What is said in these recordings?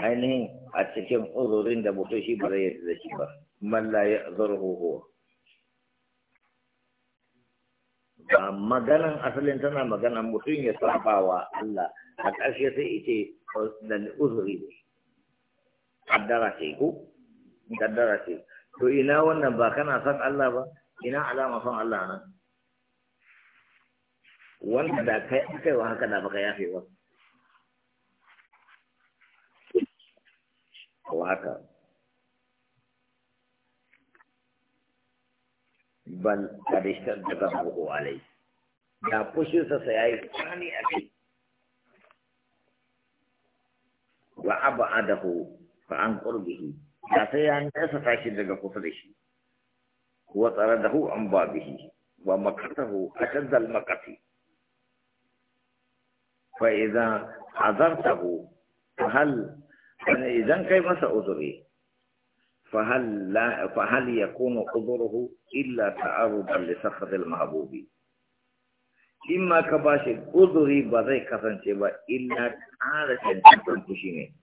ainihin a cikin uzurin da mutum shi ba zai yi da shi ba malla ya zarhu huwa ba maganan asalin tana magana mutum ya saba wa Allah a ƙarshe sai ita da uzuri ne kaddara ce ko kaddara ce to ina wannan ba kana san Allah ba ina alama san Allah nan wanda da kai aka yi wa haka da baka yafe wasu ko haka bal kadishtar da ga bugu alai da fushinsa sa yi tsani a kai wa abadahu fa an qurbihi da sai ya nesa tashi daga kusa da shi wa tsaradahu an babihi wa makatahu ashaddal makati fa idza azartahu hal يعني إذا كيف سأذري فهل, لا فهل يكون عذره إلا تعرضا لسخط المحبوب إما كباش عذري بذي كثن شبا إلا تعالى سنتم كشيني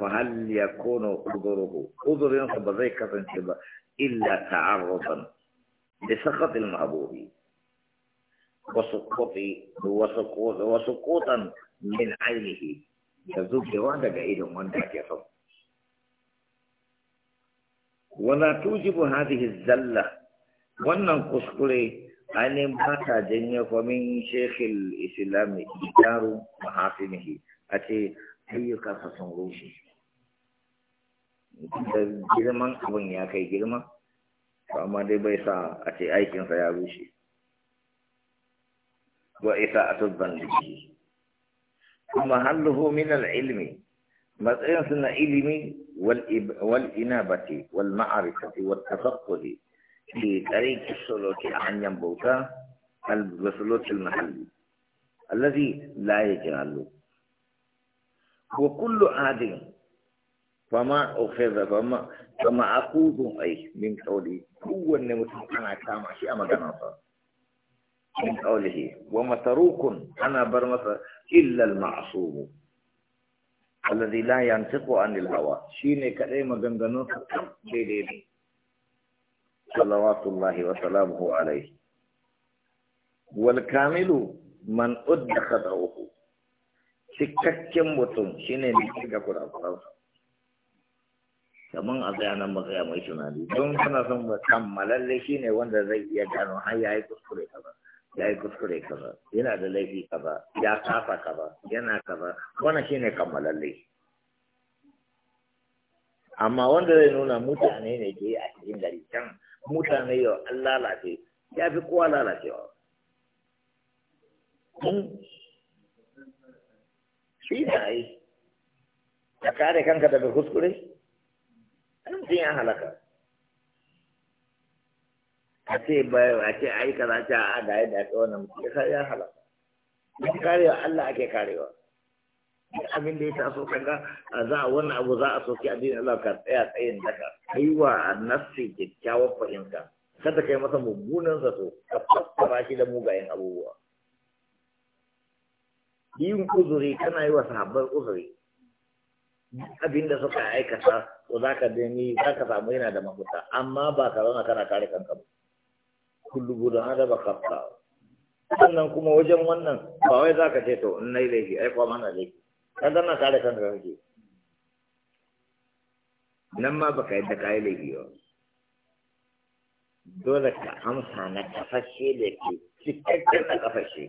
فهل يكون عذره عذر بذي كثن شبا إلا تعرضا لسخط المحبوب وسقوط وسقوط وسقوطا من عينه da zubewa daga idon wanda ake so wala tujibu hadhihi zalla wannan kuskure an ba ta janyo kwamin shekhil islami idaru mahafinihi a ce ayyukansa sun rushe da girman abin ya kai girma amma dai bai sa a ce aikinsa ya rushe wa isa a tuzzan da shi ومحله من العلم مسألة العلم والإنابة والمعرفة والتفقه في طريق السلوك عن ينبوك السلوك المحلي الذي لا يجعله وكل عاد فما أخذ فما فما أخوذ أي من قولي هو النمط أنا كامشي أما جناصر من قوله ومتروك أنا برمس إلا المعصوم الذي لا ينطق عن الهوى شيني كريم جنجنو ديدي صلوات الله وسلامه عليه والكامل من أد خطأه cikakken mutum shine ne ke ga kurakuransa kaman a tsaya nan matsaya mai tunani don kana son kammalalle shine wanda zai iya gano har yayi kuskure kaza ya yi kuskure kaza yana da laifi kaza ya kafa kaza yana kaza wannan shine kammalalle amma wanda zai nuna mutane ne ke a cikin gari can mutane yau an lalace ya fi kowa lalacewa shi na yi ka kare kanka daga kuskure an ya halaka a ce bayan a ce ai kaza ta a da yadda aka wannan ya ya halaka in karewa Allah ake karewa duk abin da ya taso kaga a za a wannan abu za a soki addinin Allah ka tsaya tsayin daga kai wa nafsi kyakkyawar fahimta kada kai masa mummunan zato ka fassara shi da mugayen abubuwa yin uzuri kana yi wa sahabban uzuri abin da suka aikata ko za ka dani za ka samu yana da mafuta amma ba ka zauna kana kare kanka ba kullu guda adaba kafta sannan kuma wajen wannan ba wai za ka ce to in nai laifi ai kuma mana laifi kan ka kare kanka kake nan ma baka yadda yi laifi ba dole ka amsa na kafashe da ke cikakken na kafashe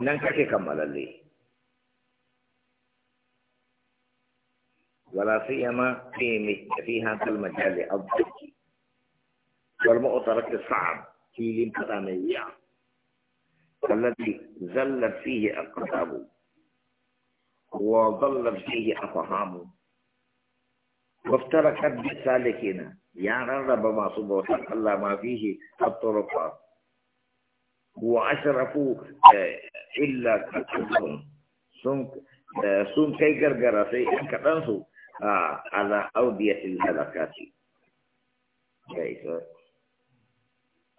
nan kake kammalalle wala siyama fi fi hadal majali abdaki أطرق الصعب في القدمية الذي زل فيه القتاب وظل فيه أفهام وافترقت بالسالكين يعني رب ما صبوت الله ما فيه الطرقات وأشرفوا آه، إلا كتبهم سنك kai gargara sai ‘yan kaɗansu a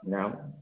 Now